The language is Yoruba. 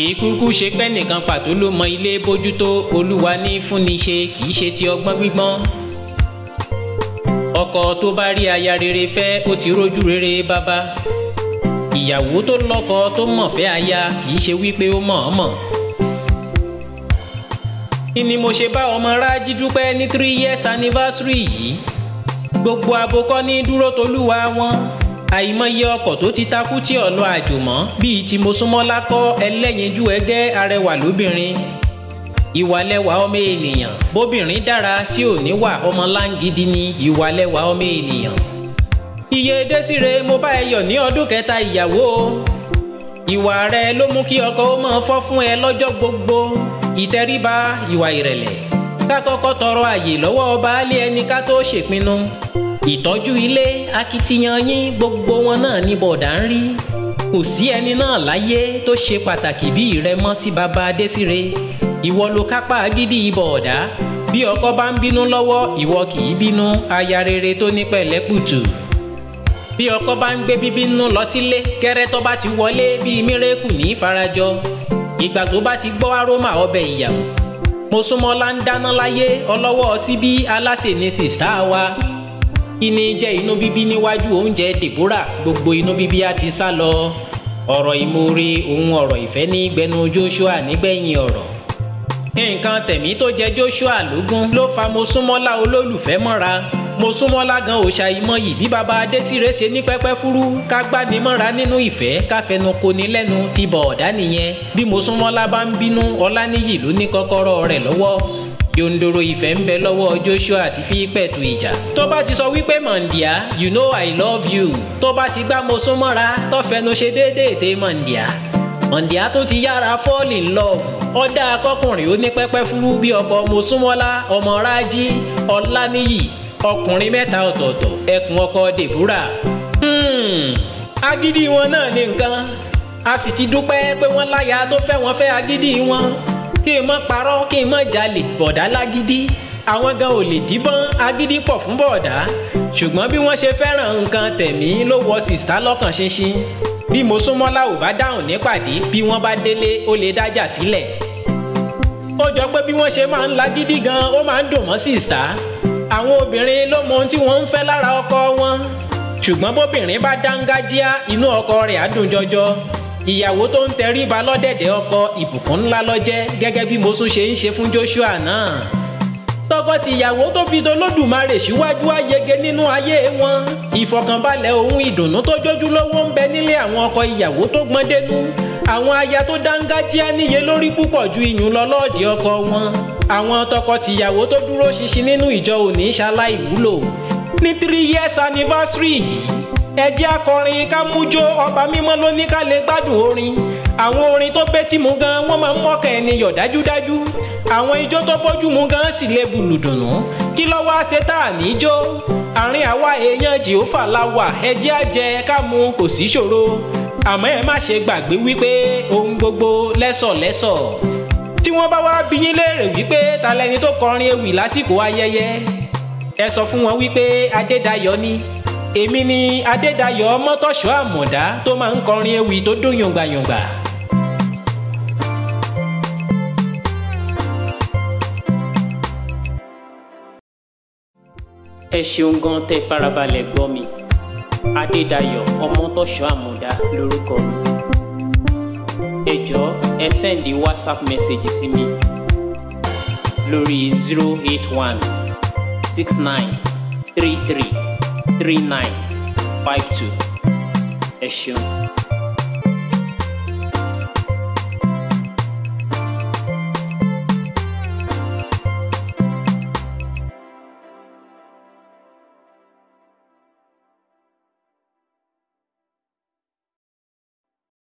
ìkúkú ṣe pẹ́ nìkan pàtó ló mọ ilé bójútó olúwa ní fúnni ṣe kì í ṣe ti ọgbọ́n gbígbọ́n ọkọ tó bá rí aya rere fẹ́ ó ti rójú rere bàbá ìyàwó tó lọ́kọ tó mọ̀ fẹ́ aya kì í ṣe wípé ó mọ̀ ọ́n mọ̀ ni mo ṣe bá ọmọ rájí dúpẹ́ ní three years anniversary yìí gbogbo abokọ́ ní dúró tolúwa wọn àìmọye ọkọ̀ tó ti takú tí ọ̀nà àjùmọ̀ bíi ti mosúnmọ́lá kọ́ ẹlẹ́yinjú ẹgẹ́ arẹwà lóbìnrin ìwàlẹ́wà ọmọ ènìyàn bóbìnrin dára tí ò ní wà ọmọ láǹgídí ni ìwàlẹ́wà ọmọ ènìyàn iye desire mo bá ẹ yọ ní ọdún kẹta ìyàwó ìwà rẹ ló mú kí ọkọ ó máa fọ́ fún ẹ lọ́jọ́ gbogbo ìtẹríba ìwà ìrẹ̀lẹ̀ ká kọ́kọ́ tọrọ àyè lọ́wọ́ baálé ẹni ká tó ṣèpinnu ìtọ́jú ilé akitiyan yín gbogbo wọn náà ní bọ̀dà ń rí kò sí ẹni náà láyé tó ṣe pàtàkì bí ìrẹmọ́ sí baba Adésírè ìwọ ló kápá gidi bọ̀dà bí ọkọ bá ń bínú lọ́wọ́ ìwọ kì í bínú aya rere tó ní pẹ̀lẹ́kùtù bí ọkọ bá ń gbé bíbínú lọ sílé kẹrẹ tó bá ti wọlé bíi mírèkù ní farajọ ìgbà tó bá ti gbọ́ aroma ọbẹ̀ ìyàwó mo súnmọ́ lá ń dáná láyé ọlọ́wọ́ síbí aláṣẹ ní sìsá wa ìní jẹ́ inú bíbí níwájú oúnjẹ Deborah gbogbo inú bíbí á ti sá lọ ọ̀rọ̀ ìmoore òun ọ̀rọ̀ ìfẹ́ ní gbẹnu Joshua nígbẹ̀yìn ọ̀rọ̀ nǹkan tẹ̀mí tó jẹ Joshua lógún ló fa mosúnmọ́lá olólùfẹ́ mọ́ra mosúnmọ́lá gan òòṣà ìmọ̀yì bí baba adésíré ṣe ní pẹ́pẹ́ fúrú ká gbani mọ́ra nínú ìfẹ́ ká fẹnu koni lẹ́nu ti bọ̀ ọ̀dá nìyẹn bí mosúnmọ́lá bá ń bínú ọláníyì ló ní kọ́kọ́rọ́ rẹ̀ lọ́wọ́ yòǹdòrò ìfẹ́ ń bẹ lọ́wọ́ Joshua àti fípẹ̀tù ìjà tó bá ti sọ wípé mọ̀ǹdíà you know I love you tó bá ti gbá mo sún mọ́ra tó ṣe déédéé dé mọ̀ǹdíà mọ̀ǹdíà tó ti yára fall in love ọ̀dà akọkùnrin ó ní pẹ́pẹ́ fúrú bí ọkọ mosúnmọ́lá ọmọ rájí ọláníyì ọkùnrin mẹ́ta ọ̀tọ̀ọ̀tọ̀ ẹkùn ọkọ dèbúrà hmm, agídí wọn náà ní nǹkan a sì ti dúpẹ́ pé wọ́n láya tó fẹ́ wọn fẹ́ agídí wọn kí n má parọ́ kí n má jalè bọ̀dá lágídí àwọn gan ò lè díbọ́n agídí pọ̀ fún bọ̀dá ṣùgbọ́n bí wọ́n ṣe fẹ́ràn nǹkan tẹ̀mí ló wọ sìstá lọ́kàn ṣinṣin bí mo súnmọ́lá ò bá dáhùn nípàdé bí wọ́n bá délé ó lè dájà sílẹ̀ ó jọ pé bí wọ́n ṣe máa ń lagídí gan ó máa ń dùn mọ́ sìstá àwọn obìnrin ló mọ ohun tí wọ́n ń fẹ́ lára ọkọ wọn ṣùgbọ́n bóbìnrin bá dángájíá inú ọkọ rẹ̀ á dùn jọjọ ìyàwó tó ń tẹríba lọ́dẹ̀dẹ̀ ọkọ ìbùkún ńlá lọ́jẹ́ gẹ́gẹ́ bí mo ṣe ń ṣe fún Joshua náà tọkọtìyàwó tó fi dolódùmarè síwájú ayege nínú ayé wọn ìfọ̀kànbalẹ̀ ohun ìdùnnú tó jójúlówó ń bẹ nílé àwọn ọkọ ìyàwó tó gbọ́n dénú àwọn aya tó dángájíá níye lórí púpọ̀ ju iyùn lọ lọ́ọ̀dì ọkọ wọn àwọn tọkọtìyàwó tó dúró ṣinṣin nínú ìjọ òní ṣaláìwúlò ní three years anniversary yìí ẹjẹ́ akọrin ká mújó ọba mímọ́ ló ní ká lè gbádùn orin àwọn orin tó bẹ́ sí mu gan wọ́n máa ń mọ́kàn ẹni yọ̀ dájúdájú àwọn ijó tó bójú mu gan sì lè bùnù dùnú kí ló wá ṣe tá à ní jó àárín àwa èèyàn jèhófà la wà ẹjẹ́ àjẹ ká mu kò sí ṣòro àmọ́ ẹ má ṣe gbàgbé wípé ohun gbogbo lẹ́sọ̀lẹ́sọ̀ tí wọ́n bá wá bí yín léèrè wípé ta lẹni tó kọrin ewì lásìkò ayẹyẹ ẹ sọ fún wọn wípé adédayọ̀ ni èmi ni adédayọ̀ mọ́tọ́ṣọ́ àmọ̀dá tó máa ń kọrin ewì tó dún yọ̀ngbàyọ̀ngbà. ẹ ṣeun gan tẹ farabalẹ̀ gbọ́ mi adédayọ̀ ọmọtọ́ṣọ́ àmọ̀dá lórúkọ mi ẹ jọ̀ọ́ ẹ sẹ́ndí whatsapp message sí mi lórí zero eight one six nine three three. 3952 ẹ